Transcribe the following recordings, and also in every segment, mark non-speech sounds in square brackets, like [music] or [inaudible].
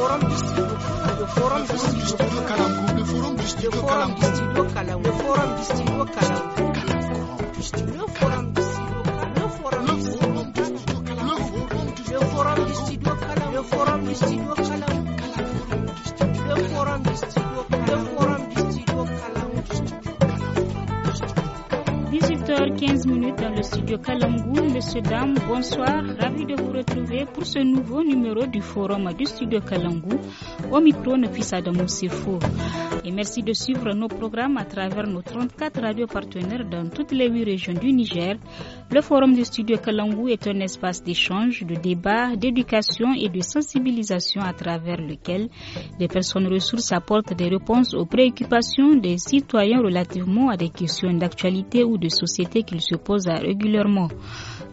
forum district the forum district kalam the forum district kalam district kalam the forum district kalam kalam district kalam the forum district kalam the forum district kalam the forum district kalam the forum district 15 minutes dans le studio Kalangou. Monsieur, dames, bonsoir. Ravi de vous retrouver pour ce nouveau numéro du forum du studio Kalangou. Au micro, de Adamo Sifo. Et merci de suivre nos programmes à travers nos 34 radios partenaires dans toutes les huit régions du Niger. Le forum du studio Kalangou est un espace d'échange, de débat, d'éducation et de sensibilisation à travers lequel les personnes ressources apportent des réponses aux préoccupations des citoyens relativement à des questions d'actualité ou de société qu'ils se posent régulièrement.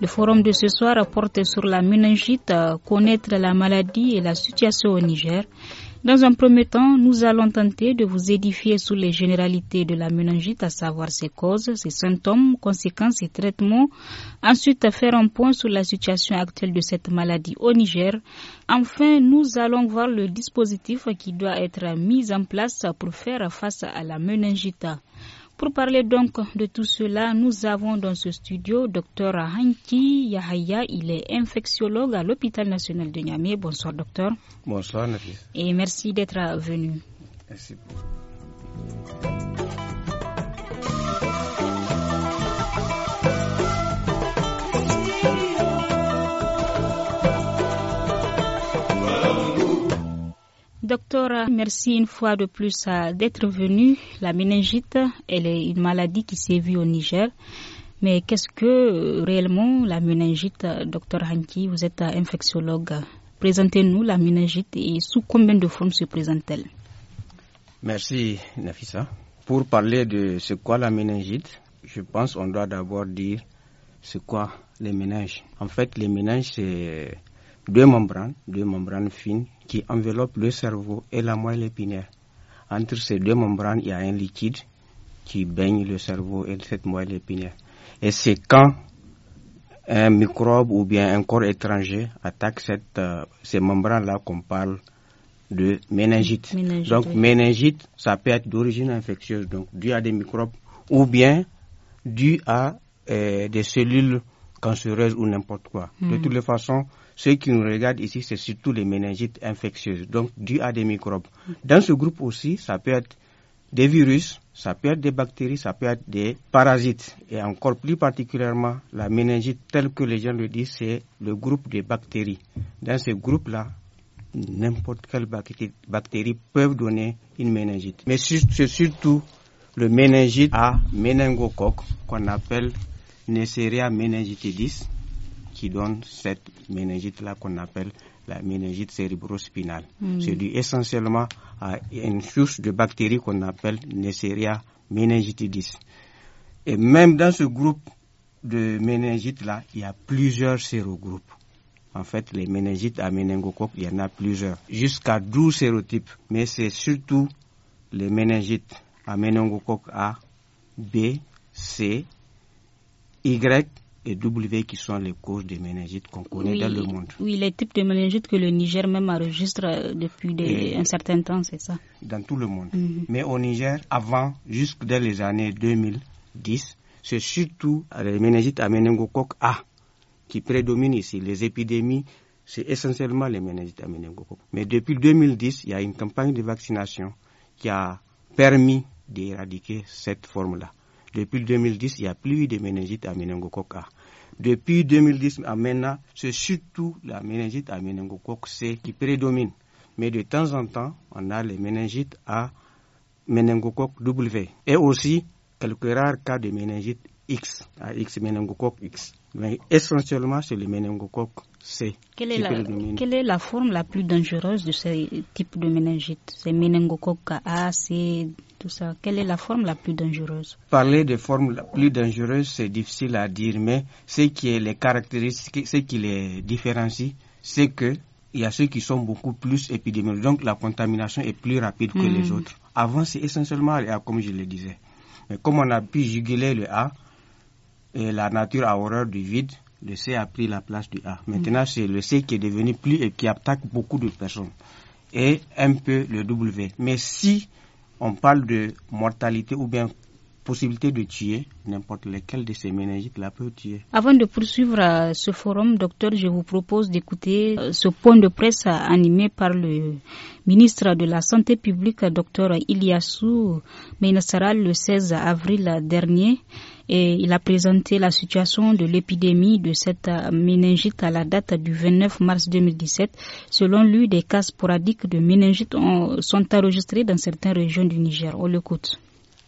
Le forum de ce soir porte sur la méningite, euh, connaître la maladie et la situation au Niger. Dans un premier temps, nous allons tenter de vous édifier sur les généralités de la meningite, à savoir ses causes, ses symptômes, conséquences et traitements. Ensuite, faire un point sur la situation actuelle de cette maladie au Niger. Enfin, nous allons voir le dispositif qui doit être mis en place pour faire face à la méningite. Pour parler donc de tout cela, nous avons dans ce studio docteur Hanki Yahaya. Il est infectiologue à l'hôpital national de Niamey. Bonsoir docteur. Bonsoir Nafis. Et merci d'être venu. Merci beaucoup. Docteur, merci une fois de plus euh, d'être venu. La méningite, elle est une maladie qui s'est vue au Niger. Mais qu'est-ce que euh, réellement la méningite, euh, docteur Hanki Vous êtes infectiologue. Présentez-nous la méningite et sous combien de formes se présente-t-elle Merci Nafissa. Pour parler de ce qu'est la méningite, je pense qu'on doit d'abord dire ce qu'est les méninges. En fait, les méninges, c'est deux membranes, deux membranes fines qui enveloppent le cerveau et la moelle épinière. Entre ces deux membranes, il y a un liquide qui baigne le cerveau et cette moelle épinière. Et c'est quand un microbe ou bien un corps étranger attaque cette, euh, ces membranes-là qu'on parle de méningite. donc méningite, ça peut être d'origine infectieuse, donc dû à des microbes ou bien dû à euh, des cellules cancéreuses ou n'importe quoi. De hmm. toutes les façons, ceux qui nous regardent ici, c'est surtout les méningites infectieuses, donc dues à des microbes. Dans ce groupe aussi, ça peut être des virus, ça peut être des bactéries, ça peut être des parasites. Et encore plus particulièrement, la méningite, telle que les gens le disent, c'est le groupe des bactéries. Dans ce groupe-là, n'importe quelle bactérie, peut donner une méningite. Mais c'est surtout le méningite à méningocoque qu'on appelle Neisseria meningitidis qui donne cette méningite-là qu'on appelle la méningite cérébrospinale. Hmm. C'est dû essentiellement à une source de bactéries qu'on appelle Neisseria meningitidis. Et même dans ce groupe de méningites-là, il y a plusieurs sérogroupes. En fait, les méningites à méningocoque, il y en a plusieurs. Jusqu'à 12 sérotypes. Mais c'est surtout les méningites à méningocoque A, B, C, Y, et W qui sont les causes des méningite qu'on connaît dans le monde. Oui, les types de méningite que le Niger même enregistre euh, depuis un certain temps, c'est ça Dans tout le monde. Mhm. Mais au Niger, avant, jusque dans les années 2010, c'est surtout euh, les méningites à méningocoque A qui prédominent ici. Les épidémies, c'est essentiellement les méningites à méningocoque. Mais depuis 2010, il y a une campagne de vaccination qui a permis d'éradiquer cette forme-là. Depuis 2010, il n'y a plus de méningite à méningocoque A. Depuis 2010 à maintenant, c'est surtout la méningite à méningocoque C qui prédomine. Mais de temps en temps, on a les méningites à méningocoque W. Et aussi, quelques rares cas de méningite X, à X méningocoque X. Mais essentiellement, c'est le méningocoque C. Quelle est, la, forme la plus dangereuse de ce type de méningite C'est méningocoque A, C, tout ça. Quelle est la forme la plus dangereuse Parler de forme la plus dangereuse, c'est difficile à dire, mais ce qui est les caractéristiques, ce qui les différencie, c'est que il y a ceux qui sont beaucoup plus épidémiques. Donc la contamination est plus rapide que les hmm. autres. Avant, c'est essentiellement A, comme je le disais. Mais comme on a pu juguler le A, et la nature a horreur du vide, le C a pris la place du A. Maintenant, c'est le C qui est devenu plus et qui attaque beaucoup de personnes. Et un peu le W. Mais si on parle de mortalité ou bien possibilité de tuer n'importe lequel de ces méningites la peut tuer. Avant de poursuivre euh, ce forum, docteur, je vous propose d'écouter euh, ce point de presse animé par le ministre de la Santé publique, docteur Iliassou mais le 16 avril dernier. Et il a présenté la situation de l'épidémie de cette méningite à la date du 29 mars 2017. Selon lui, des cas sporadiques de méningite sont enregistrés dans certaines régions du Niger. On l'écoute.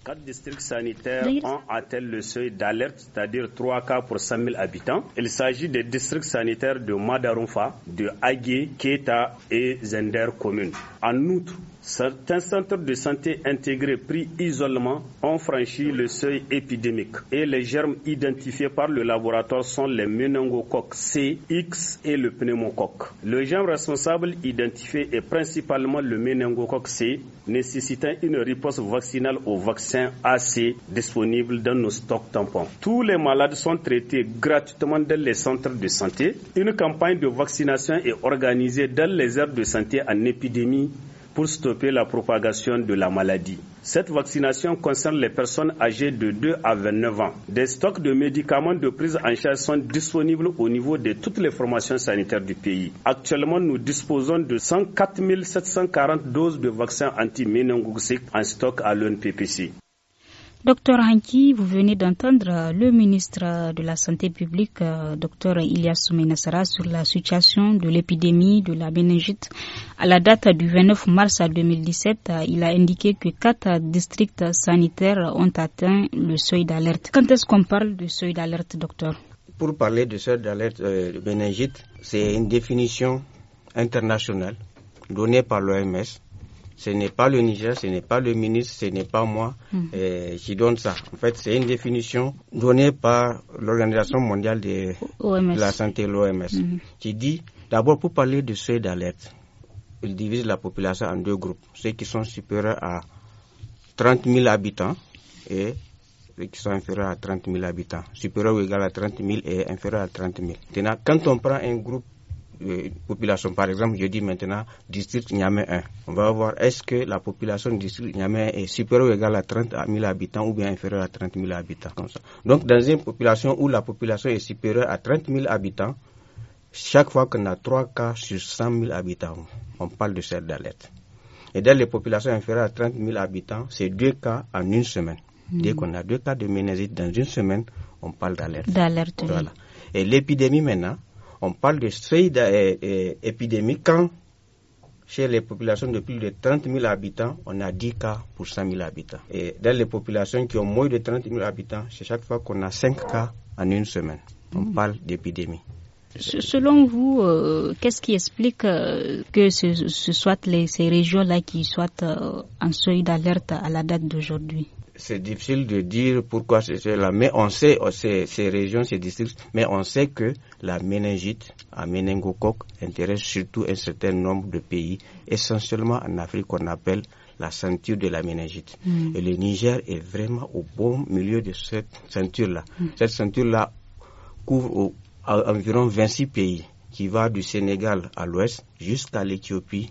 Quatre districts sanitaires ont atteint le seuil d'alerte, c'est-à-dire 3 cas pour 100 000 habitants. Il s'agit des districts sanitaires de Madarunfa, de Agui, Keta et Zender Commune. En outre, certains centres de santé intégrés pris isolement ont franchi le seuil épidémique et les germes identifiés par le laboratoire sont le meningocoque C, X et le pneumocoque. Le germe responsable identifié est principalement le meningocoque C, nécessitant une réponse vaccinale au vaccin AC disponible dans nos stocks tampons. Tous les malades sont traités gratuitement dans les centres de santé. Une campagne de vaccination est organisée dans les aires de santé en épidémie pour stopper la propagation de la maladie. Cette vaccination concerne les personnes âgées de 2 à 29 ans. Des stocks de médicaments de prise en charge sont disponibles au niveau de toutes les formations sanitaires du pays. Actuellement, nous disposons de 104 740 doses de vaccins anti méningococcique en stock à l'UNPPC. Docteur Hanki, vous venez d'entendre le ministre de la Santé publique, euh, Docteur Ilyas Soumenassara, sur la situation de l'épidémie de la méningite. À la date du 29 mars 2017, euh, il a indiqué que quatre districts sanitaires ont atteint le seuil d'alerte. Quand est-ce qu'on parle de seuil d'alerte, docteur Pour parler de seuil d'alerte euh, de c'est une définition internationale donnée par l'OMS ce n'est pas le Niger, ce n'est pas le ministre, ce n'est pas moi qui mhm. donne ça. En fait, c'est une définition donnée par l'Organisation mondiale de, la santé, l'OMS, mhm. qui dit, d'abord pour parler de seuil d'alerte, il divise la population en deux groupes, ceux qui sont supérieurs à 30 000 habitants et ceux qui sont inférieurs à 30 000 habitants, supérieurs ou égal à 30 000 et inférieurs à 30 000. Maintenant, quand on prend un groupe euh, population. Par exemple, je dis maintenant district Niamey 1. On va voir est-ce que la population du district Niamey est supérieure ou égale à 30 000 habitants ou bien inférieure à 30 000 habitants. Donc, dans une population où la population est supérieure à 30 000 habitants, chaque fois qu'on a 3 cas sur 100 000 habitants, on parle de serre d'alerte. Et dans les populations inférieures à 30 000 habitants, c'est 2 cas en une semaine. Hmm. Dès qu'on a 2 cas de ménésite dans une semaine, on parle d'alerte. D'alerte. Voilà. Et l'épidémie maintenant, on parle de seuil d'épidémie quand, chez les populations de plus de 30 000 habitants, on a 10 cas pour 100 000 habitants. Et dans les populations qui ont moins de 30 000 habitants, c'est chaque fois qu'on a 5 cas en une semaine. On mm. parle d'épidémie. Selon vous, euh, qu'est-ce qui explique euh, que ce, soit ces régions-là qui soient euh, en seuil d'alerte à la date d'aujourd'hui c'est difficile de dire pourquoi c'est cela, mais on sait, oh, ces régions, ces districts, mais on sait que la méningite à méningocoque intéresse surtout un certain nombre de pays, essentiellement en Afrique qu'on appelle la ceinture de la méningite. Mm. Et le Niger est vraiment au bon milieu de cette ceinture-là. Mm. Cette ceinture-là couvre environ 26 pays, qui va du Sénégal à l'ouest jusqu'à l'Éthiopie,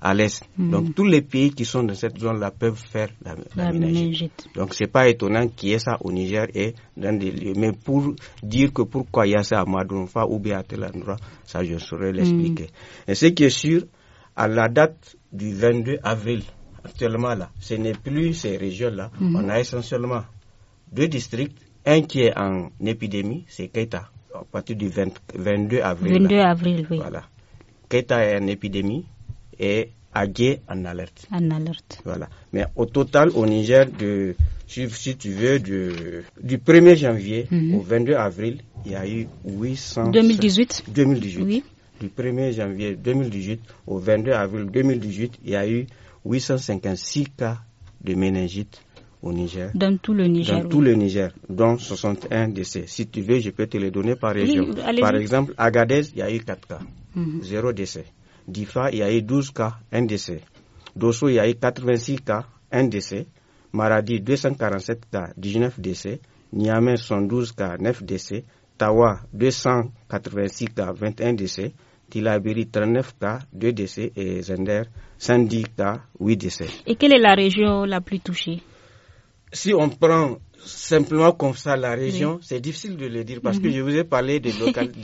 à l'est. Hmm. Donc tous les pays qui sont dans cette zone-là peuvent faire la, la, la Donc c'est pas étonnant qu'il y ait ça au Niger et dans des lieux. Mais pour dire que pourquoi il y a ça à Madronfa ou bien à tel endroit, ça je saurais hmm. l'expliquer. Et ce qui est sûr, à la date du 22 avril, actuellement là, ce n'est plus ces régions-là. Hmm. On a essentiellement deux districts. Un qui est en épidémie, c'est Keita, à partir du 22 avril. 22 avril, oui. Voilà. Keita est en épidémie et Agué en alerte. En alerte. Voilà. Mais au total, au Niger, de, si, si tu veux, de, du 1er janvier mhm. au 22 avril, il y a eu 800. 2018. 2018. Oui. Du 1er janvier 2018 au 22 avril 2018, il y a eu 856 cas de méningite au Niger. Dans tout le Niger. Dans tout le Niger, dont 61 décès. Si tu veux, je peux te les donner par région. par exemple, à Agadez, il y a eu 4 cas, mm 0 décès. Difa, il y a eu 12 cas, un décès. Dosso, il y a eu 86 cas, un décès. Maradi, 247 cas, 19 décès. Niamey, 112 cas, 9 décès. Tawa, 286 cas, 21 décès. Tilabiri 39 cas, 2 décès et Zender 110 cas, 8 décès. Et quelle est la région la plus touchée Si on prend simplement comme ça la région, c'est difficile de le dire parce que mhm. je vous ai parlé des, locales, [laughs]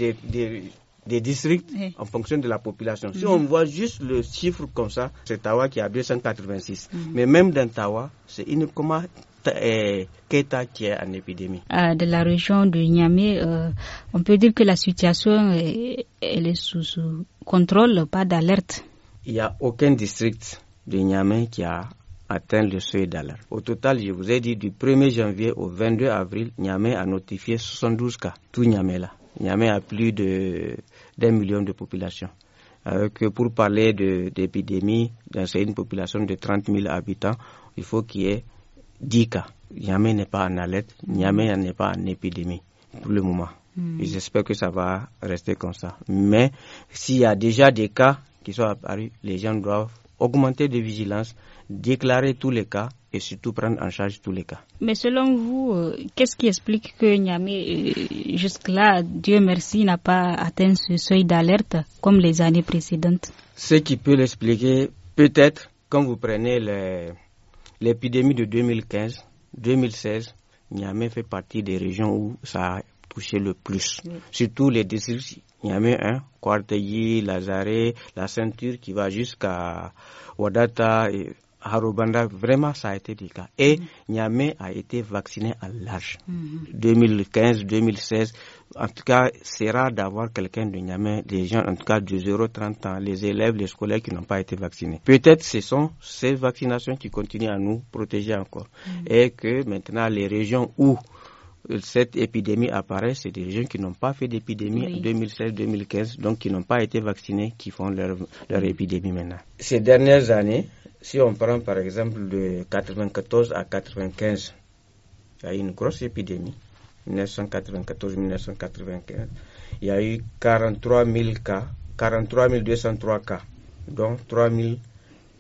des districts en fonction de la population. Si mhm. on voit juste le chiffre comme ça, c'est Tawa qui a 286. Mhm. Mais même dans Tawa, c'est et Keta eh, qui est en épidémie. Ah, de la région de Niamey, euh, on peut dire que la situation elle est sous, contrôle, pas d'alerte. Il n'y a aucun district de Niamey qui a atteint le seuil d'alerte. Au total, je vous ai dit, du 1er janvier au 22 avril, Niamey a notifié 72 cas, tout Niamey là. Niamey a plus de d'un million de populations. Euh, que pour parler d'épidémie, c'est une population de 30 000 habitants, il faut qu'il y ait 10 cas. Niamey n'est pas en alerte, Niamey n'est pas en épidémie pour le moment. Hmm. J'espère que ça va rester comme ça. Mais s'il y a déjà des cas qui sont apparus, les gens doivent augmenter de vigilance, déclarer tous les cas et surtout prendre en charge tous les cas. Mais selon vous, euh, qu'est-ce qui explique que Niamey, euh, jusque-là, Dieu merci, n'a pas atteint ce seuil d'alerte comme les années précédentes Ce qui peut l'expliquer, peut-être, quand vous prenez l'épidémie de 2015, 2016, Niamey fait partie des régions où ça a touché le plus, surtout les districts Niamey 1, hein, Kwarteyi, Lazare, la ceinture qui va jusqu'à Wadata et Harobanda. Vraiment, ça a été le cas. Et mm-hmm. Niamey a été vacciné à l'âge. 2015, mm-hmm. 2016. En tout cas, c'est rare d'avoir quelqu'un de Niamey, des gens en tout cas de 0 30 ans, les élèves, les scolaires qui n'ont pas été vaccinés. Peut-être ce sont ces vaccinations qui continuent à nous protéger encore. Mm-hmm. Et que maintenant, les régions où cette épidémie apparaît, c'est des gens qui n'ont pas fait d'épidémie en 2016-2015, donc qui n'ont pas été vaccinés, qui font leur, leur épidémie maintenant. Ces dernières années, si on prend par exemple de 94 à 95, il y a eu une grosse épidémie, 1994-1995. Il y a eu 43 000 cas, 43 203 cas, dont 3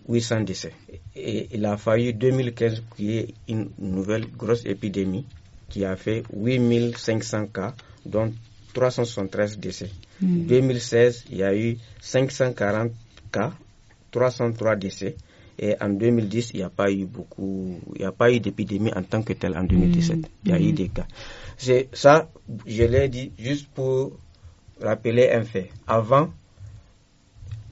800 décès. Et il a fallu 2015 qu'il y ait une nouvelle grosse épidémie qui a fait 8500 cas, dont 373 décès. Hmm. En 2016, il y a eu 540 cas, 303 décès. Et en 2010, il n'y a pas eu beaucoup, il n'y a pas eu d'épidémie en tant que telle en 2017. Hmm. Il y a eu hmm. des cas. C'est ça, je l'ai dit juste pour rappeler un fait. Avant,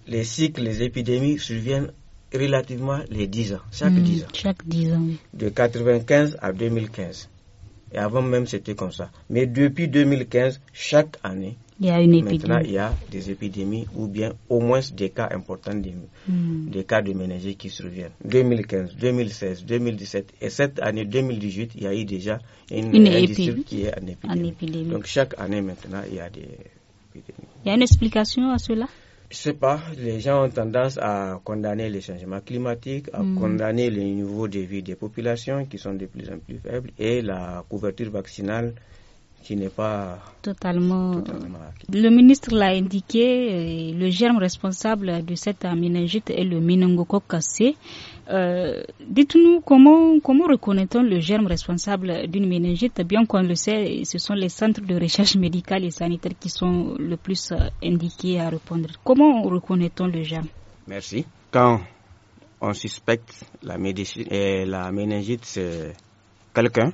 les cycles, les épidémies surviennent relativement les 10 ans, chaque 10 ans. De 95 à 2015. Et avant même, c'était comme ça. Mais depuis 2015, chaque année, il y a une il y a des épidémies ou bien au moins des cas importants, hmm. des, cas de ménagers qui surviennent. 2015, 2016, 2017 et cette année 2018, il y a eu déjà une, épidémie. Donc chaque année maintenant, il y a des épidémies. Il y a une explication à cela je sais pas, les gens ont tendance à condamner les changements climatiques, à mm. condamner les niveaux de vie des populations qui sont de plus en plus faibles et la couverture vaccinale qui n'est pas totalement. le ministre l'a indiqué, euh, le germe responsable de cette méningite est le Minangoko cassé. Euh, dites-nous comment, comment reconnaît-on le germe responsable d'une méningite Bien qu'on le sait, ce sont les centres de recherche médicale et sanitaire qui sont le plus euh, indiqués à répondre. Comment reconnaît-on le germe Merci. Quand on suspecte la, euh, la méningite, c'est quelqu'un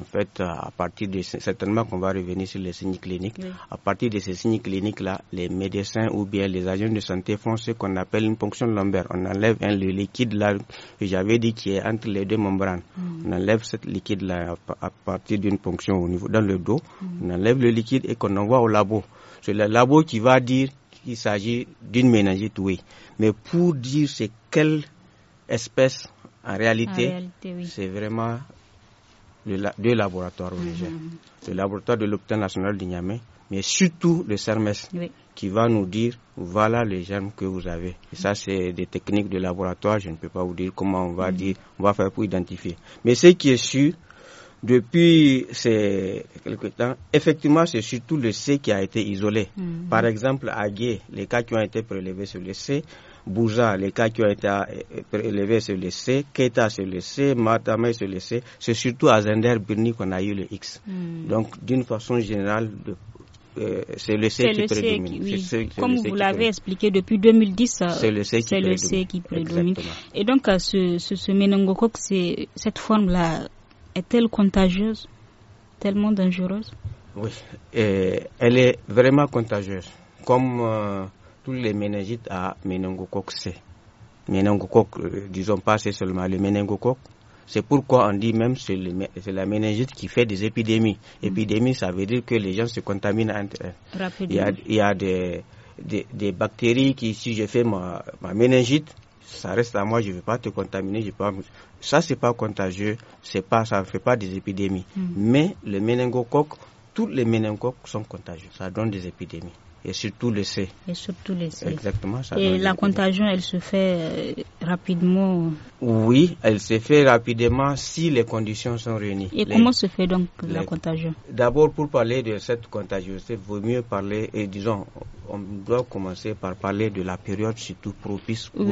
en fait, à partir de certainement qu'on va revenir sur les signes cliniques. À partir de ces signes cliniques-là, les médecins ou bien les agents de santé font ce qu'on appelle une ponction lombaire. On enlève le liquide là que j'avais dit qui est entre les deux membranes. Hmm. On enlève ce liquide là à, partir d'une ponction au niveau dans le dos. Hmm. On enlève le liquide et qu'on envoie au labo. C'est le labo qui va dire qu'il s'agit d'une méningite, oui. Mais pour dire c'est quelle espèce en réalité, c'est vraiment deux laboratoires au mm-hmm. Le laboratoire de l'hôpital national du Niamey, mais surtout le CERMES, qui va nous dire voilà les germes que vous avez. Et ça, c'est des techniques de laboratoire, je ne peux pas vous dire comment on va, mm-hmm. dire, on va faire pour identifier. Mais ce qui est sûr, depuis ces quelques temps, effectivement, c'est surtout le C qui a été isolé. Mm-hmm. Par exemple, à Gué, les cas qui ont été prélevés sur le C, Bouza, les cas qui ont été prélevés, euh, euh, sur le C, Keita sur le C, Matame sur le C. C'est surtout à Zender Birni qu'on a eu le X. Hmm. Donc, d'une façon générale, euh, c'est le C qui prédomine. Oui. Comme vous l'avez expliqué depuis 2010, c'est le C qui, prédomine. Et donc, ce, ce, ce méningocoque, cette forme-là est-elle contagieuse, tellement dangereuse Oui, elle est vraiment contagieuse. Comme tous les méningites à méningocoque Méningocoque, euh, disons pas, c'est seulement le méningocoque. C'est pourquoi on dit même c'est la méningite qui fait des épidémies. Épidémie, ça veut dire que les gens se contaminent entre eux. Il y a, des, des, bactéries qui, si je fais ma, méningite, ça reste à moi, je ne vais pas te contaminer, je pas... Ça, c'est pas contagieux, c'est pas, ça ne fait pas des épidémies. Hmm. Mais le méningocoque, tous les méningocoques sont contagieux, ça donne des épidémies et surtout le C. Et surtout le Exactement. Ça et la contagion, elle se fait euh, rapidement Oui, elle se fait rapidement si les conditions sont réunies. Et comment se fait donc la contagion D'abord, pour parler de cette contagion, c'est vaut mieux parler, et disons, on doit commencer par parler de la période surtout propice pour,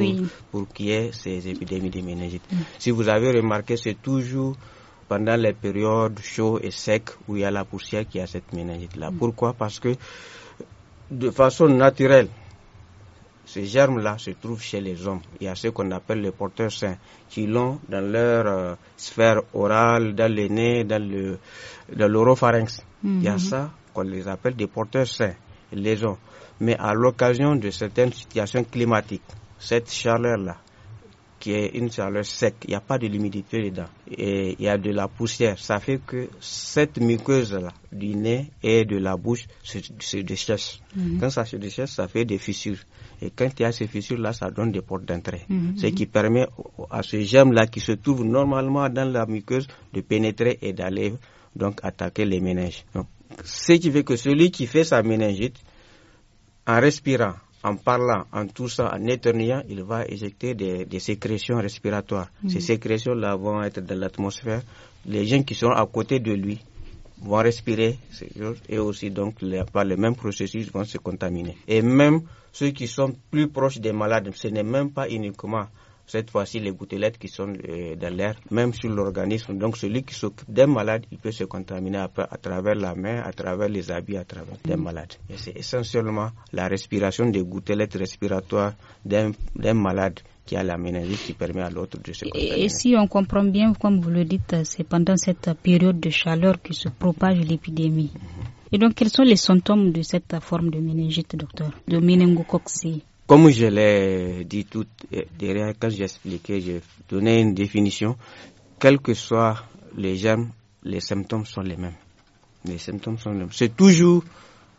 pour qu'il y ait ces épidémies de méningite. Mm. Si vous avez remarqué, c'est toujours pendant les périodes chaudes et secs où il y a la poussière qui a cette méningite-là. Mm. Pourquoi Parce que de façon naturelle, ces germes-là se trouvent chez les hommes. Il y a ce qu'on appelle les porteurs sains, qui l'ont dans leur euh, sphère orale, dans le nez, dans le dans l'oropharynx. Il y a mhm. ça qu'on les appelle des porteurs sains. les hommes. Mais à l'occasion de certaines situations climatiques, cette chaleur-là qui est une chaleur sec, il n'y a pas de l'humidité dedans et il y a de la poussière. Ça fait que cette muqueuse-là du nez et de la bouche se, se mhm. Quand ça se déchèche, ça fait des fissures. Et quand il y a ces fissures-là, ça donne des portes d'entrée. Mhm. Ce qui permet à ce germe-là qui se trouve normalement dans la muqueuse de pénétrer et d'aller donc attaquer les méninges. Donc, ce qui fait que celui qui fait sa méningite, en respirant, en parlant, en ça, en éternuant, il va éjecter des, sécrétions respiratoires. Mm. Ces sécrétions-là vont être dans l'atmosphère. Les gens qui sont à côté de lui vont respirer ces choses et aussi donc par le même processus vont se contaminer. Et même ceux qui sont plus proches des malades, ce n'est même pas uniquement cette fois-ci les gouttelettes qui sont euh, dans l'air, même sur l'organisme. Donc celui qui s'occupe d'un malade, il peut se contaminer à, travers la main, à travers les habits, à travers des malades. Et c'est essentiellement la respiration des gouttelettes respiratoires d'un malade qui a la méningite qui permet à l'autre de se contaminer. Et si on comprend bien, comme vous le dites, c'est pendant cette période de chaleur que se propage l'épidémie. Mhm. Et donc, quels sont les symptômes de cette forme de méningite, docteur, de comme je l'ai dit tout euh, derrière, quand j'ai expliqué, j'ai donné une définition. Quels que soient les germes, les symptômes sont les mêmes. Les symptômes sont les mêmes. C'est toujours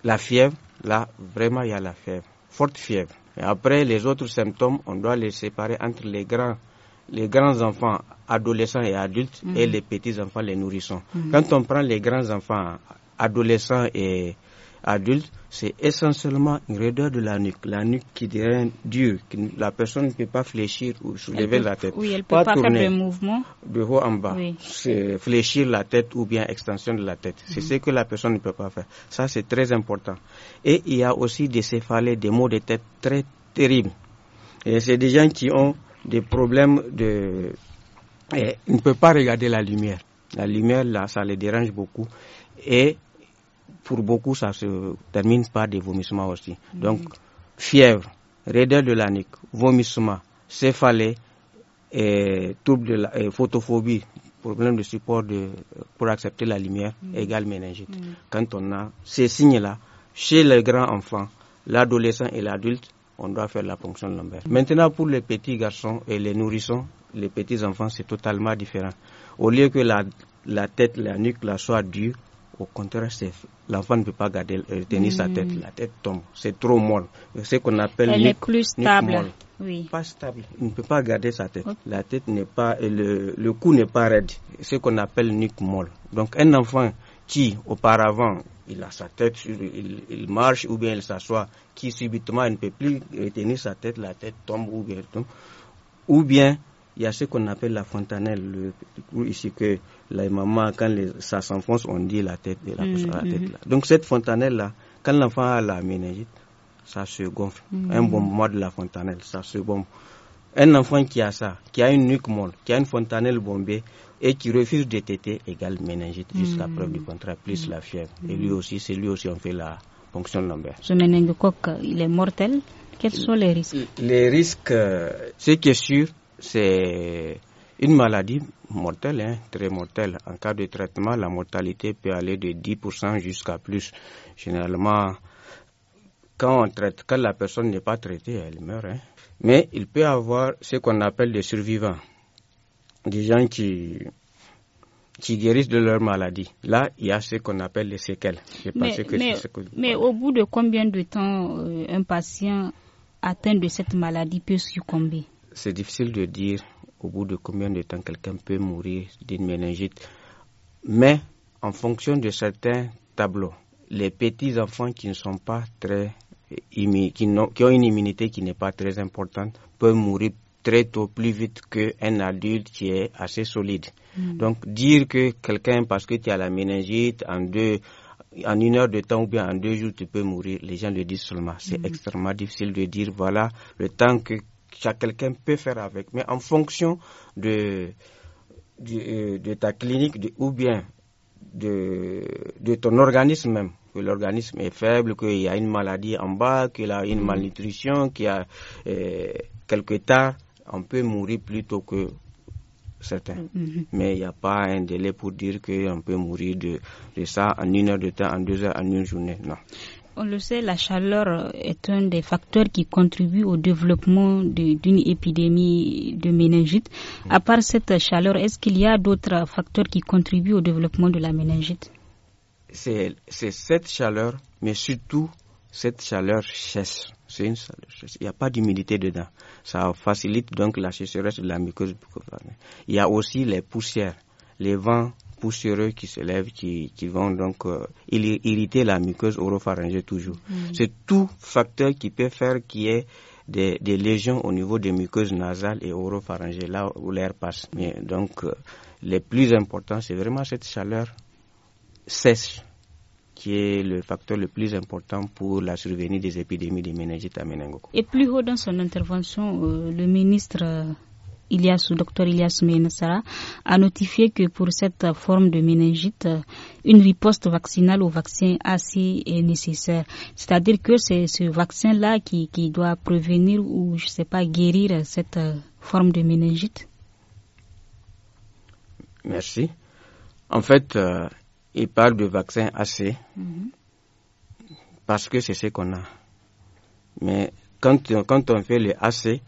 la fièvre. Là, vraiment, il y a la fièvre. Forte fièvre. Et après, les autres symptômes, on doit les séparer entre les grands, les grands enfants, adolescents et adultes, et mhm. les petits enfants, les nourrissons. Mhm. Quand on prend les grands enfants, adolescents et adulte, c'est essentiellement une raideur de la nuque. La nuque qui devient dure, la personne ne peut pas fléchir ou soulever la tête. Oui, elle ne peut pas, tourner faire mouvement. De haut en bas. C'est fléchir la tête ou bien extension de la tête. C'est mhm. ce que la personne ne peut pas faire. Ça, c'est très important. Et il y a aussi des céphalées, des maux de tête très terribles. Et c'est des gens qui ont des problèmes de... Et ils ne peuvent pas regarder la lumière. La lumière, là, ça les dérange beaucoup. Et pour beaucoup, ça se termine par des vomissements aussi. Donc, fièvre, raideur de la nuque, vomissement, céphalée, et trouble photophobie, problème de support de, pour accepter la lumière, également mm. égale méningite. Mm. Quand on a ces signes-là, chez les grands enfants, l'adolescent et l'adulte, on doit faire la ponction lombaire. Mm. Maintenant, pour les petits garçons et les nourrissons, les petits enfants, c'est totalement différent. Au lieu que la, la tête, la nuque, la soit dure, au contraire, l'enfant ne peut pas garder, euh, tenir sa tête. Mm. La tête tombe. C'est trop molle. Ce qu'on appelle. Elle est plus stable. Oui. Pas stable. Il ne peut pas garder sa tête. La tête n'est pas. Euh, le, le cou n'est pas raide. Ce qu'on appelle nuque molle. Donc, un enfant qui, auparavant, il a sa tête, il, marche ou bien il s'assoit, qui subitement il ne peut plus tenir sa tête, la tête tombe ou bien elle tombe. Ou bien, il y a ce qu'on appelle la fontanelle, le, ici que la mamans, quand les, ça s'enfonce, on dit la tête de la, mm, la tête mm-hmm. là. Donc cette fontanelle-là, quand l'enfant a la méningite, ça se gonfle. Mm. Un bon mois de la fontanelle, ça se bombe. Un enfant qui a ça, qui a une nuque molle, qui a une fontanelle bombée et qui refuse de téter, égale méningite jusqu'à mm. preuve du contraire, plus la fièvre. Et lui aussi, c'est lui aussi, on fait la fonction lombaire. Ce méningocoque, il est mortel. Quels sont les risques Les risques, euh, ce qui est sûr, c'est une maladie mortelle, très mortelle. En cas de traitement, la mortalité peut aller de 10% jusqu'à plus. Généralement, quand on traite, quand la personne n'est pas traitée, elle meurt. Hein. Mais il peut y avoir ce qu'on appelle des survivants, des gens qui, guérissent de leur maladie. Là, il y a ce qu'on appelle les séquelles. mais, au bout de combien de temps euh, un patient atteint de cette maladie peut succomber C'est difficile de dire au bout de combien de temps quelqu'un peut mourir d'une méningite. Mais en fonction de certains tableaux, les petits enfants qui ne sont pas très qui ont une immunité qui n'est pas très importante peuvent mourir très tôt, plus vite qu'un adulte qui est assez solide. Mm. Donc dire que quelqu'un, parce que tu as la méningite, en deux, en une heure de temps ou bien en deux jours, tu peux mourir, les gens le disent seulement. C'est mm. extrêmement difficile de dire, voilà, le temps que chaque quelqu'un peut faire avec. Mais en fonction de, euh, ta clinique ou bien de, ton organisme même, que l'organisme est faible, qu'il y a une maladie en bas, qu'il y a une mm. malnutrition, qu'il y a euh, quelque quelques on peut mourir plutôt que certains. Mm-hmm. Mais il n'y a pas un délai pour dire qu'on peut mourir de, de, ça en une heure de temps, en deux heures, en une journée. Non. On le sait, la chaleur est un des facteurs qui contribue au développement d'une épidémie de méningite. À part cette chaleur, est-ce qu'il y a d'autres facteurs qui contribuent au développement de la méningite C'est cette chaleur, mais surtout cette chaleur C'est Une chaleur Il n'y a pas d'humidité dedans. Ça facilite donc la sécheresse de la muqueuse Il y a aussi les poussières, les vents poussiéreux qui se lèvent, qui, qui vont donc euh, irriter la muqueuse oropharyngée toujours. Mm. C'est tout facteur qui peut faire qu'il y ait des, des, lésions au niveau des muqueuses nasales et oropharyngées, là où l'air passe. donc, euh, le plus important, c'est vraiment cette chaleur sèche qui est le facteur le plus important pour la survenue des épidémies de méningite à Et plus haut dans son intervention, euh, le ministre le docteur Ilias Menesara, a notifié que pour cette forme de méningite, une riposte vaccinale au vaccin AC est nécessaire. C'est-à-dire que c'est ce vaccin-là qui, doit prévenir ou, je ne sais pas, guérir cette forme de méningite. Merci. En fait, euh, il parle de vaccin AC mhm. parce que c'est ce qu'on a. Mais quand, quand on fait le AC,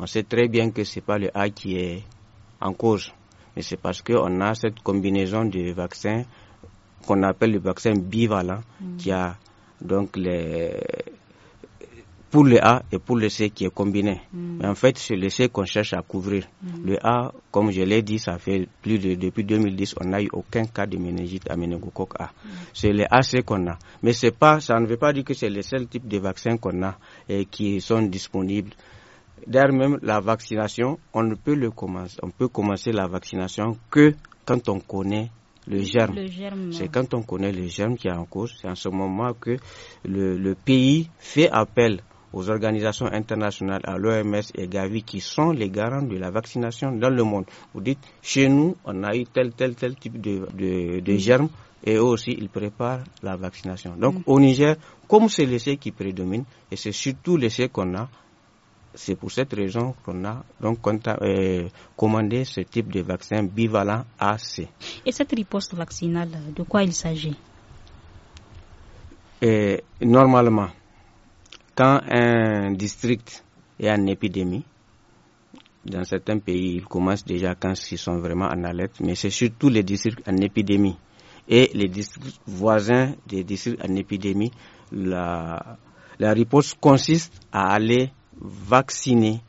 on sait très bien que ce n'est pas le A qui est en cause, mais c'est parce qu'on a cette combinaison de vaccins qu'on appelle le vaccin bivalent qui mm. a donc les pour le A et pour le C qui est combiné. Mm. Mais en fait, c'est le C qu'on cherche à couvrir. Mm. Le A, comme je l'ai dit, ça fait plus de, depuis 2010, on n'a eu aucun cas de méningite à méningocoque A. C'est le AC qu'on a. Mais c'est pas, ça ne veut pas dire que c'est le seul type de vaccin qu'on a et qui sont disponibles. D'ailleurs, même la vaccination, on ne peut le commencer, on peut commencer la vaccination que quand on connaît le germe. C'est quand on connaît le germe qui est en cause. C'est en ce moment que le, pays fait appel aux organisations internationales, à l'OMS et Gavi, qui sont les garants de la vaccination dans le monde. Vous dites, chez nous, on a eu tel, tel, tel type de, de, germes et eux aussi, ils préparent la vaccination. Donc, mm. au Niger, comme c'est l'essai qui prédomine, et c'est surtout l'essai qu'on a, c'est pour cette raison qu'on a donc euh, commandé ce type de vaccin bivalent AC. Et cette riposte vaccinale, de quoi il s'agit euh, normalement, quand un district est en épidémie, dans certains pays, ils commencent déjà quand ils sont vraiment en alerte, mais c'est surtout les districts en épidémie. Et les districts voisins des districts en épidémie, la, la riposte consiste à aller vacciner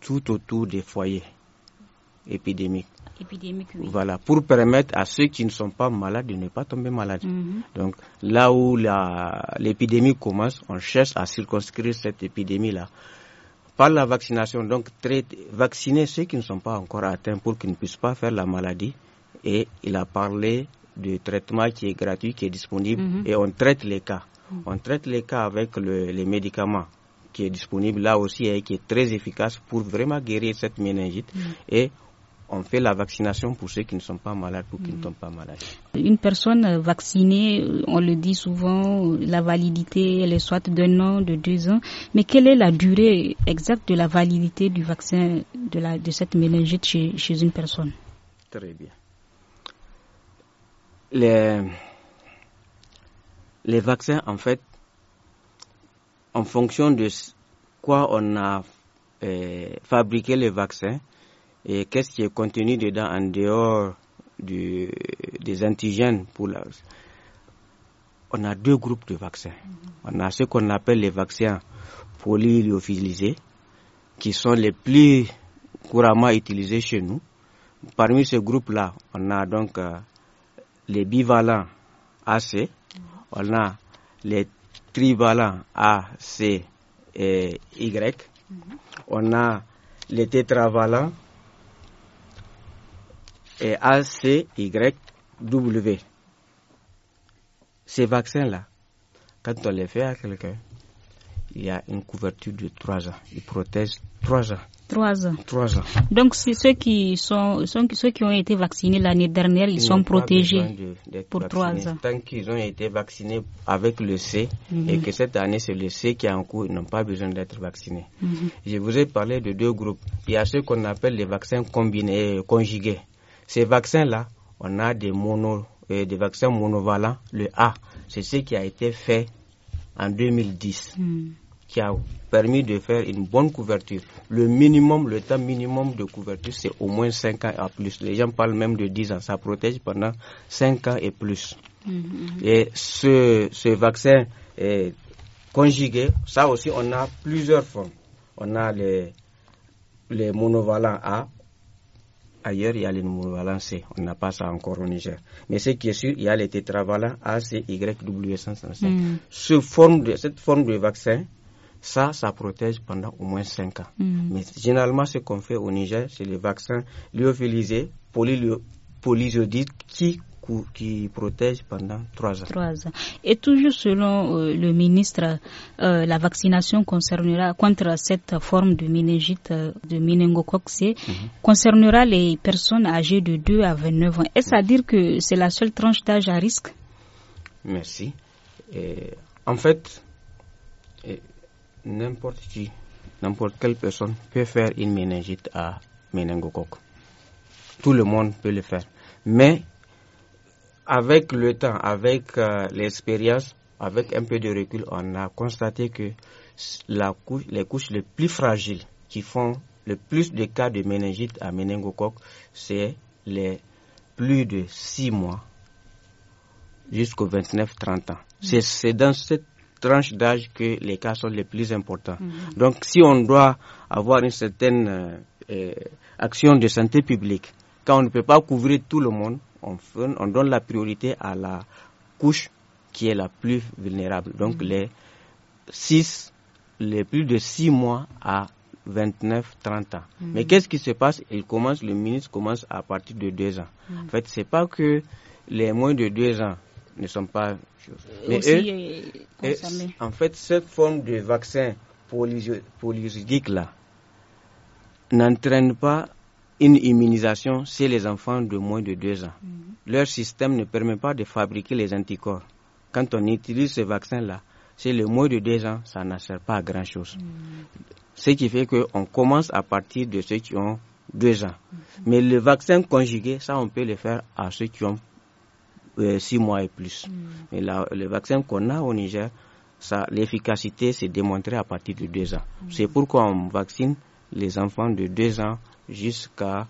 tout autour des foyers épidémiques. Voilà, pour permettre à ceux qui ne sont pas malades de ne pas tomber malades. Mhm. Donc, là où l'épidémie commence, on cherche à circonscrire cette épidémie-là. Par la vaccination, donc, vacciner ceux qui ne sont pas encore atteints pour qu'ils ne puissent pas faire la maladie. Et il a parlé du traitement qui est gratuit, qui est disponible, mhm. et on traite les cas. Mhm. On traite les cas avec le, les médicaments qui est disponible là aussi et qui est très efficace pour vraiment guérir cette méningite. Mm. Et on fait la vaccination pour ceux qui ne sont pas malades, pour qu'ils ne mm. tombent pas malades. Une personne vaccinée, euh, on le dit souvent, euh, la validité, elle est soit d'un an, de deux ans. Mais quelle est la durée exacte de la validité du vaccin de, la, de cette méningite chez, chez une personne Très bien. Les, les vaccins, en fait, en fonction de quoi on a euh, fabriqué les vaccins et qu'est-ce qui est contenu dedans en dehors du, des antigènes pour la, on a deux groupes de vaccins. Mhm. On a ce qu'on appelle les vaccins polylyophilisés, qui sont les plus couramment utilisés chez nous. Parmi ce groupe-là, on a donc euh, les bivalents AC, mhm. on a les trivalent A C et Y. On a le tétravalent et A, C, Y, W. Ces vaccins-là, quand on les fait à quelqu'un, il y a une couverture de 3 ans. ils protègent 3 ans. Trois ans. Donc, ceux qui, sont, sont, ceux qui ont été vaccinés l'année dernière, ils, sont protégés pour trois ans. Tant qu'ils ont été vaccinés avec le C et mhm. que cette année c'est le C qui est en cours, ils n'ont pas besoin d'être vaccinés. Mhm. Je vous ai parlé de deux groupes. Il y a ceux qu'on appelle les vaccins combinés, euh, conjugués. Ces vaccins-là, on a des, mono, euh, des vaccins monovalents, le A. C'est ce qui a été fait en 2010 qui a permis de faire une bonne couverture. Le minimum, le temps minimum de couverture, c'est au moins 5 ans et plus. Les gens parlent même de 10 ans. Ça protège pendant 5 ans et plus. Mm-hmm, mm-hmm. Et ce, ce vaccin est conjugué, ça aussi, on a plusieurs formes. On a les, les monovalents A. Ailleurs, il y a les monovalents C. On n'a pas ça encore au Niger. Mais ce qui est sûr, il y a les tétravalents A, C, Y, W, S, Mm Ce forme de, cette forme de vaccin, ça, ça protège pendant au moins 5 ans. Mm. Mais généralement, ce qu'on fait au Niger, c'est les vaccins lyophilisés, polylysodiques, qui qui protège pendant 3 ans. ans. Et toujours selon euh, le ministre, euh, la vaccination concernera contre cette forme de méningite euh, de méningocoque mhm. concernera les personnes âgées de 2 à 29 ans. Est-ce à dire que c'est la seule tranche d'âge à risque Merci. en fait, n'importe qui, n'importe quelle personne peut faire une méningite à méningocoque. Tout le monde peut le faire. Mais avec le temps, avec euh, l'expérience, avec un peu de recul, on a constaté que la couche, les couches les plus fragiles qui font le plus de cas de méningite à méningocoque, c'est les plus de 6 mois jusqu'aux 29-30 ans. C'est dans cette tranche d'âge que les cas sont les plus importants. Mm-hmm. Donc si on doit avoir une certaine euh, euh, action de santé publique, quand on ne peut pas couvrir tout le monde, on, fait, on donne la priorité à la couche qui est la plus vulnérable. Donc mm-hmm. les 6, les plus de 6 mois à 29, 30 ans. Mm-hmm. Mais qu'est-ce qui se passe Il commence, le ministre commence à partir de 2 ans. En fait, c'est pas que les moins de 2 ans ne sont pas Mais eux, euh, en fait, cette forme de vaccin polyurgique là n'entraîne pas une immunisation chez les enfants de moins de deux ans. Mhm. Leur système ne permet pas de fabriquer les anticorps. Quand on utilise ce vaccin-là, chez les moins de deux ans, ça n'assert sert pas à grand-chose. Mhm. Ce qui fait qu'on commence à partir de ceux qui ont deux ans. Mhm. Mais le vaccin conjugué, ça, on peut le faire à ceux qui ont euh, six mois et plus. Mm. Mais le vaccin qu'on a au Niger, l'efficacité s'est démontrée à partir de deux ans. Mm. C'est pourquoi on vaccine les enfants de deux ans jusqu'à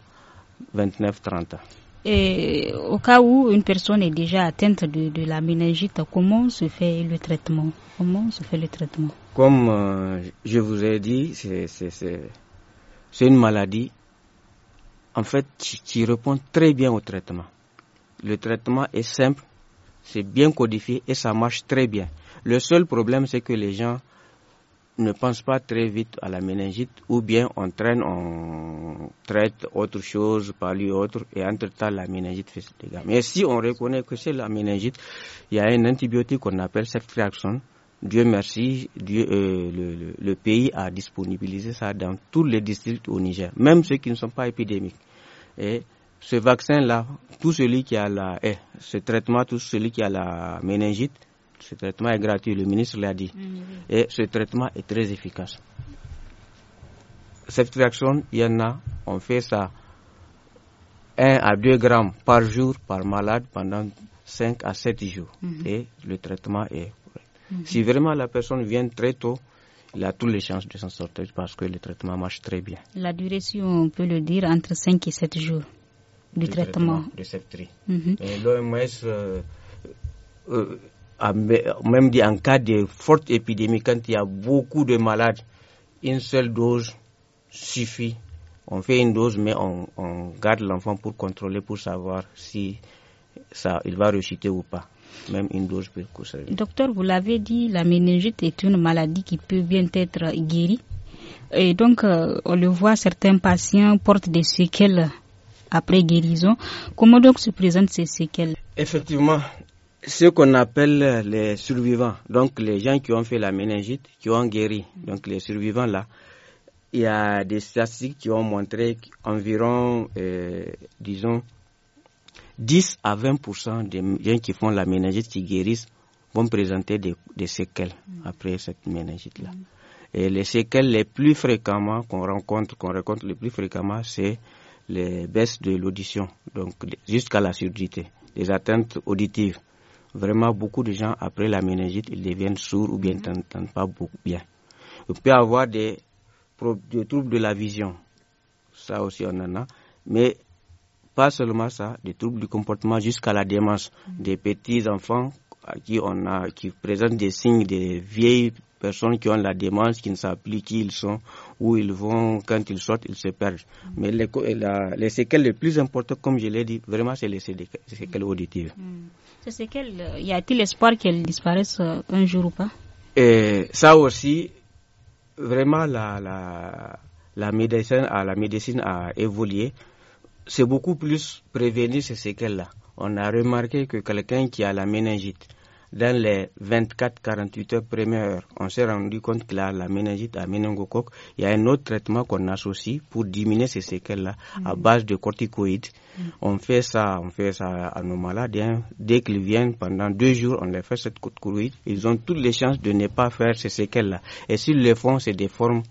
29-30 ans. Et au cas où une personne est déjà atteinte de, la méningite, comment se fait le traitement Comment se fait le traitement Comme euh, je vous ai dit, c'est une maladie en fait qui répond très bien au traitement. Le traitement est simple, c'est bien codifié et ça marche très bien. Le seul problème, c'est que les gens ne pensent pas très vite à la méningite ou bien on traîne, on traite autre chose, par lui autre, et entre-temps, la méningite fait des dégâts. Mais si on reconnaît que c'est la méningite, il y a un antibiotique qu'on appelle ceftriaxone. Dieu merci, Dieu, euh, le, le, pays a disponibilisé ça dans tous les districts au Niger, même ceux qui ne sont pas épidémiques. Et ce vaccin-là, tout celui qui a la, eh, ce traitement, tout celui qui a la méningite, ce traitement est gratuit, le ministre l'a dit. Et ce traitement est très efficace. Cette réaction, il y en a, on fait ça 1 à 2 grammes par jour par malade pendant 5 à 7 jours. Mhm. Et le traitement est mhm. Si vraiment la personne vient très tôt, il a toutes les chances de s'en sortir parce que le traitement marche très bien. La durée, si on peut le dire, entre 5 et 7 jours du, traitement. de cette tri. Mhm. L'OMS euh, euh, a même dit en cas de forte épidémie, quand il y a beaucoup de malades, une seule dose suffit. On fait une dose, mais on, garde l'enfant pour contrôler, pour savoir si ça, il va réussir ou pas. Même une dose peut conserver. Docteur, vous l'avez dit, la méningite est une maladie qui peut bien être guérie. Et donc, euh, on le voit, certains patients portent des séquelles après guérison. Comment donc se présentent ces séquelles Effectivement, ce qu'on appelle les survivants, donc les gens qui ont fait la méningite, qui ont guéri, donc les survivants là, il y a des statistiques qui ont montré qu'environ, euh, disons, 10 à 20% des gens qui font la méningite qui guérissent vont présenter des, des séquelles après cette méningite-là. Et les séquelles les plus fréquemment qu'on rencontre, qu'on rencontre les plus fréquemment, c'est les baisses de l'audition, donc jusqu'à la surdité, les atteintes auditives. Vraiment, beaucoup de gens, après la méningite, ils deviennent sourds ou bien mhm. n'entendent pas beaucoup bien. On peut avoir des, troubles de la vision. Ça aussi, on en a. Mais pas seulement ça, des troubles du comportement jusqu'à la démence. Mhm. Des petits enfants qui on a, qui présentent des signes des vieilles personnes qui ont la démence, qui ne savent plus qui ils sont, où ils vont, quand ils sortent, ils se perdent. Mais les, séquelles les plus importantes, comme je l'ai dit, vraiment, c'est les séquelles auditives. Hmm. Ces séquelles, euh, y a-t-il espoir qu'elles disparaissent euh, un jour ou pas Et Ça aussi, vraiment, la, la, la, médecine, ah, la médecine a évolué. C'est beaucoup plus prévenir ces séquelles-là. On a remarqué que quelqu'un qui a la méningite, dans les 24-48 heures premières on s'est rendu compte que la méningite, la méningocoque. Il y a un autre traitement qu'on associe pour diminuer ces séquelles-là à mm. base de corticoïdes. Mm. On fait ça, on fait ça à nos malades. Hein. Dès qu'ils viennent, pendant deux jours, on leur fait cette corticoïde. Ils ont toutes les chances de ne pas faire ces séquelles-là. Et s'ils le font, c'est des formes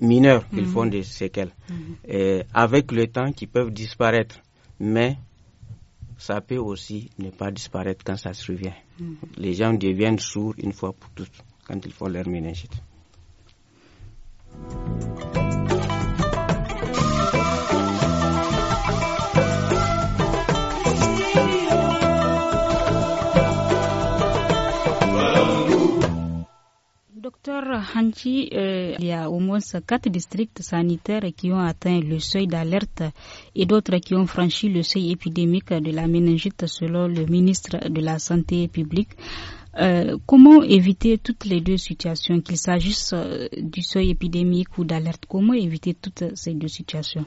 mineures qu'ils mm. font des séquelles. Et avec le temps, qui peuvent disparaître. Mais ça peut aussi ne pas disparaître quand ça se revient. Mm. Les gens deviennent sourds une fois pour toutes quand ils font leur ménage. Hanchi, euh, il y a au moins quatre districts sanitaires qui ont atteint le seuil d'alerte et d'autres qui ont franchi le seuil épidémique de la méningite selon le ministre de la Santé publique. Euh, comment éviter toutes les deux situations, qu'il s'agisse euh, du seuil épidémique ou d'alerte Comment éviter toutes ces deux situations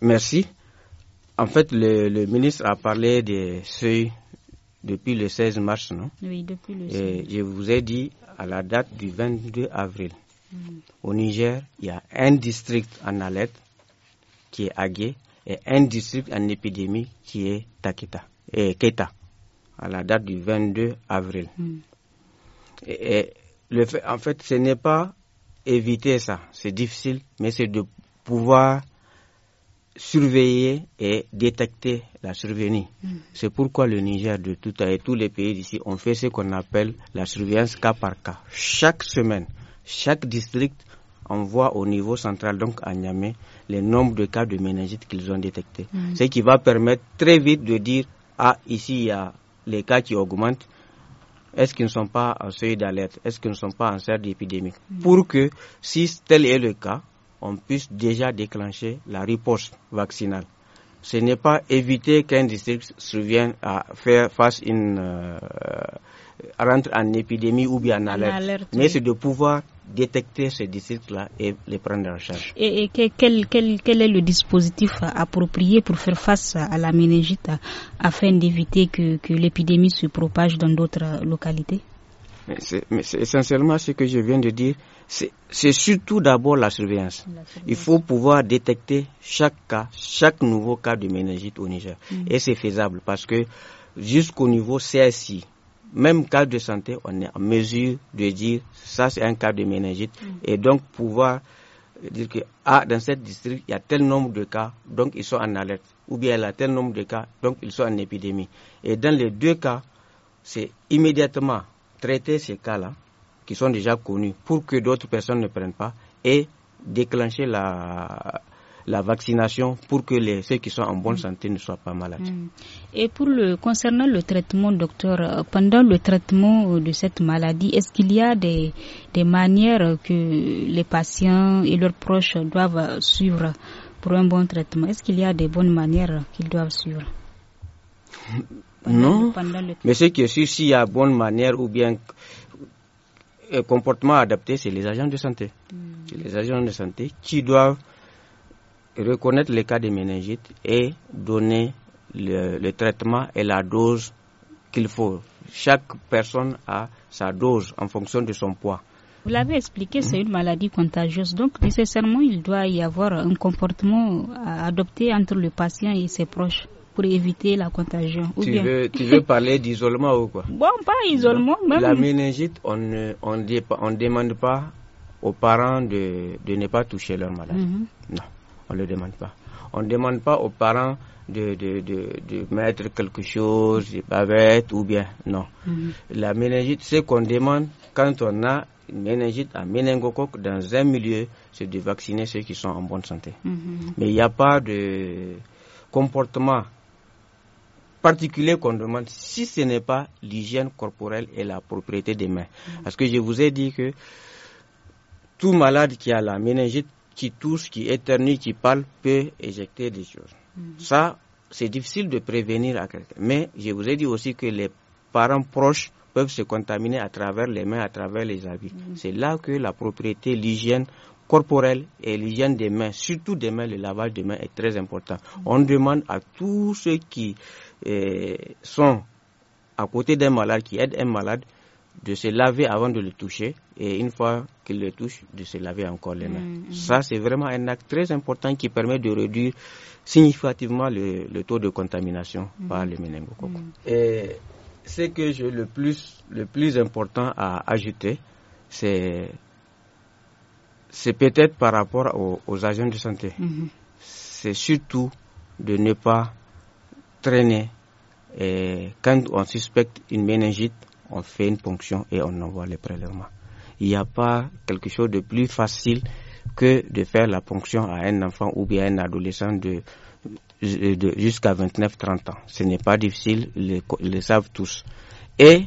Merci. En fait, le, le ministre a parlé des seuils depuis le 16 mars, non Oui, depuis le 16 mars. Je vous ai dit à la date du 22 avril. Mm. Au Niger, il y a un district en alerte qui est Agué et un district en épidémie qui est Takita, et Keta, à la date du 22 avril. Mm. Et, le en fait, ce n'est pas éviter ça, c'est difficile, mais c'est de pouvoir surveiller et détecter la survenue. Hmm. C'est pourquoi le Niger de tout à et tous les pays d'ici ont fait ce qu'on appelle la surveillance cas par cas. Chaque semaine, chaque district envoie au niveau central, donc à Niamey, le nombre de cas de méningite qu'ils ont détectés. Hmm. Ce qui va permettre très vite de dire, ah, ici, il y a les cas qui augmentent. Est-ce qu'ils ne sont pas en seuil d'alerte Est-ce qu'ils ne sont pas en série d'épidémie hmm. Pour que, si tel est le cas, on puisse déjà déclencher la riposte vaccinale. Ce n'est pas éviter qu'un district survienne à faire face une euh, rentre en épidémie ou bien en alerte, mais c'est de pouvoir détecter ces districts-là et les prendre en charge. Et, quel, quel, quel, est le dispositif approprié pour faire face à la méningite afin d'éviter que, que l'épidémie se propage dans d'autres localités mais c'est essentiellement ce que je viens de dire c'est surtout d'abord la surveillance. Il faut pouvoir détecter chaque cas, chaque nouveau cas de méningite au Niger. Mm. Et c'est faisable parce que jusqu'au niveau CSI, même cas de santé, on est en mesure de dire ça c'est un cas de méningite mm. et donc pouvoir dire que ah, dans cette district, il y a tel nombre de cas, donc ils sont en alerte. Ou bien il y a tel nombre de cas, donc ils sont en épidémie. Et dans les deux cas, c'est immédiatement traiter ces cas-là qui sont déjà connus pour que d'autres personnes ne prennent pas et déclencher la, vaccination pour que les, ceux qui sont en bonne mm. santé ne soient pas malades. Mm. Et pour concernant le traitement, docteur, euh, pendant le traitement euh, de cette maladie, est-ce qu'il y a des, manières que les patients et leurs proches doivent suivre pour un bon traitement Est-ce qu'il y a des bonnes manières qu'ils doivent suivre Non, mais ce qui est sûr, s'il y a bonne manière ou bien euh, comportement adapté, c'est les agents de santé. Hmm. les agents de santé qui doivent reconnaître les cas de méningite et donner le, le traitement et la dose qu'il faut. Chaque personne a sa dose en fonction de son poids. Vous l'avez expliqué, c'est hmm. une maladie contagieuse. Donc, nécessairement, il doit y avoir un comportement adopté entre le patient et ses proches pour éviter la contagion. Ou tu, veux, tu [laughs] veux parler d'isolement ou quoi Bon, pas isolement. Même... La méningite, on ne on, on demande pas aux parents de, de ne pas toucher leur malade. Mhm. Non, on ne le demande pas. On ne demande pas aux parents de, de, de, mettre quelque chose, des bavettes ou bien. Non. Mhm. La méningite, ce qu'on demande quand on a une méningite à méningocoque dans un milieu, c'est de vacciner ceux qui sont en bonne santé. Mhm. Mais il n'y a pas de comportement particulier qu'on demande si ce n'est pas l'hygiène corporelle et la propriété des mains. Mm-hmm. Parce que je vous ai dit que tout malade qui a la méningite, qui touche, qui éternue, qui parle, peut éjecter des choses. Mm-hmm. Ça, c'est difficile de prévenir à quelqu'un. Mais je vous ai dit aussi que les parents proches peuvent se contaminer à travers les mains, à travers les habits. Mm-hmm. C'est là que la propriété, l'hygiène corporelle et l'hygiène des mains, surtout des mains, le lavage des mains est très important. On demande à tous ceux qui sont à côté d'un malade, qui aident un malade, de se laver avant de le toucher et une fois qu'il le touche, de se laver encore les mains. Mm, mm. Ça, c'est vraiment un acte très important qui permet de réduire significativement le, taux de contamination mm. par le méningocoque. Et ce que je le plus, le plus important à ajouter, c'est c'est peut-être par rapport aux, agents de santé. Mm-hmm. C'est surtout de ne pas traîner. Et quand on suspecte une méningite, on fait une ponction et on envoie les prélèvements. Il n'y a pas quelque chose de plus facile que de faire la ponction à un enfant ou bien à un adolescent de, jusqu'à 29-30 ans. Ce n'est pas difficile, ils le, savent tous. Et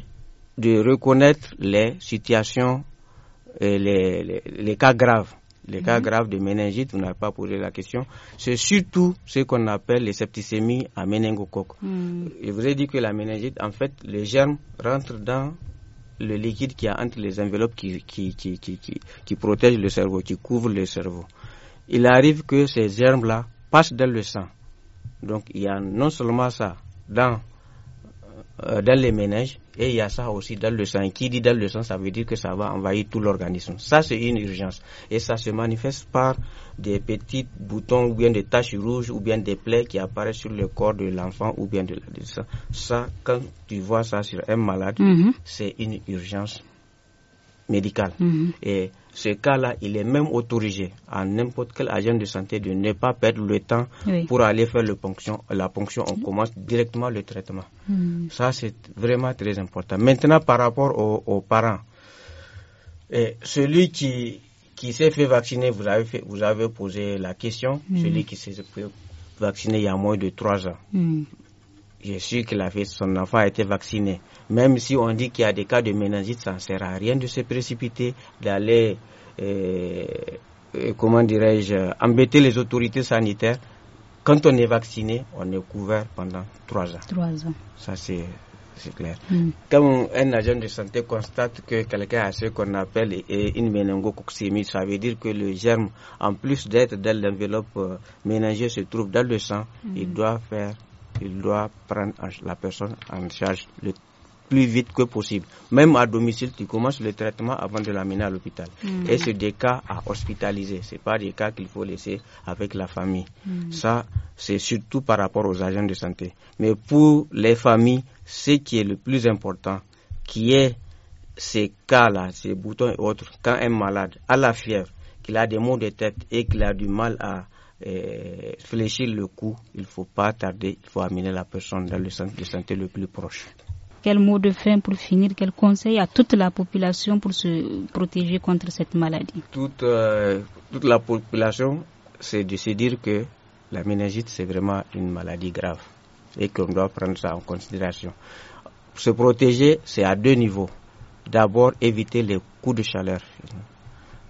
de reconnaître les situations, les cas graves les cas mhm. graves de méningite, vous n'avez pas posé la question. C'est surtout ce qu'on appelle les septicémies à méningocoque. Je mhm. vous ai dit que la méningite, en fait, les germes rentrent dans le liquide qui est entre les enveloppes qui, qui, qui, qui, protège le cerveau, qui couvre le cerveau. Il arrive que ces germes-là passent dans le sang. Donc il y a non seulement ça dans euh, dans les ménages et il y a ça aussi dans le sang. Qui dit dans le sang, ça veut dire que ça va envahir tout l'organisme. Ça, c'est une urgence. Et ça se manifeste par des petits boutons ou bien des taches rouges ou bien des plaies qui apparaissent sur le corps de l'enfant ou bien de l'adolescent. Ça, quand tu vois ça sur un malade, mhm. c'est une urgence médicale. Mhm ce cas-là, il est même autorisé à n'importe quel agent de santé de ne pas perdre le temps pour aller faire la ponction. On commence directement le traitement. Hmm. Ça, c'est vraiment très important. Maintenant, par rapport aux, parents, celui qui, qui s'est fait vacciner, vous avez, vous avez posé la question, hmm. celui qui s'est fait vacciner il y a moins de trois ans. Je suis sûr que la son enfant a été vacciné. Même si on dit qu'il y a des cas de méningite, ça ne sert à rien de se précipiter, d'aller, euh, euh, comment dirais-je, embêter les autorités sanitaires. Quand on est vacciné, on est couvert pendant trois ans. Trois ans. Ça, c'est c'est clair. Mm. Quand un agent de santé constate que quelqu'un a ce qu'on appelle une méningococcémie, ça veut dire que le germe, en plus d'être dans l'enveloppe euh, ménagée, se trouve dans le sang. Il mm. doit faire, il doit prendre la personne en charge le plus vite que possible. Même à domicile, tu commences le traitement avant de l'amener à l'hôpital. Mm. Et c'est des cas à hospitaliser. Ce pas des cas qu'il faut laisser avec la famille. Mm. Ça, c'est surtout par rapport aux agents de santé. Mais pour les familles, ce qui est le plus important, qui est ces cas-là, ces boutons et autres, quand un malade a la fièvre, qu'il a des maux de tête et qu'il a du mal à euh, fléchir le cou, il ne faut pas tarder, il faut amener la personne dans le centre de santé le plus proche. Quel mot de fin pour finir Quel conseil à toute la population pour se protéger contre cette maladie Toute, euh, toute la population, c'est de se dire que la méningite, c'est vraiment une maladie grave et qu'on doit prendre ça en considération. Se protéger, c'est à deux niveaux. D'abord, éviter les coups de chaleur.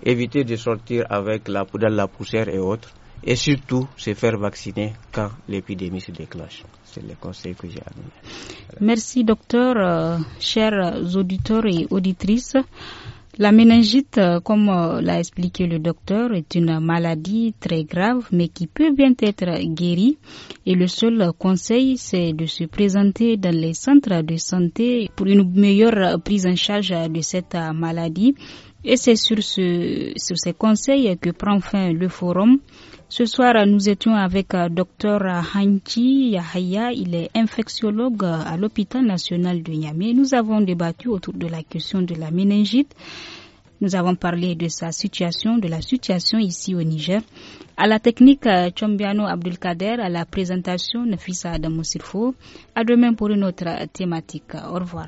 Éviter de sortir avec la, poudre, la poussière et autres et surtout, se faire vacciner quand l'épidémie se déclenche. C'est le conseil que j'ai à donner. Merci, docteur. Euh, chers auditeurs et auditrices, la méningite, euh, comme euh, l'a expliqué le docteur, est une maladie très grave, mais qui peut bien être guérie. Et le seul conseil, c'est de se présenter dans les centres de santé pour une meilleure prise en charge de cette maladie. Et c'est sur, ce, sur ces conseils que prend fin le forum. Ce soir, nous étions avec euh, docteur Hanchi Yahaya. Il est infectiologue à l'hôpital national de Niamey. Nous avons débattu autour de la question de la méningite. Nous avons parlé de sa situation, de la situation ici au Niger. À la technique, euh, Chombiano Abdelkader, à la présentation, Nafisa Adamo Sirfo. À demain pour une autre thématique. Au revoir.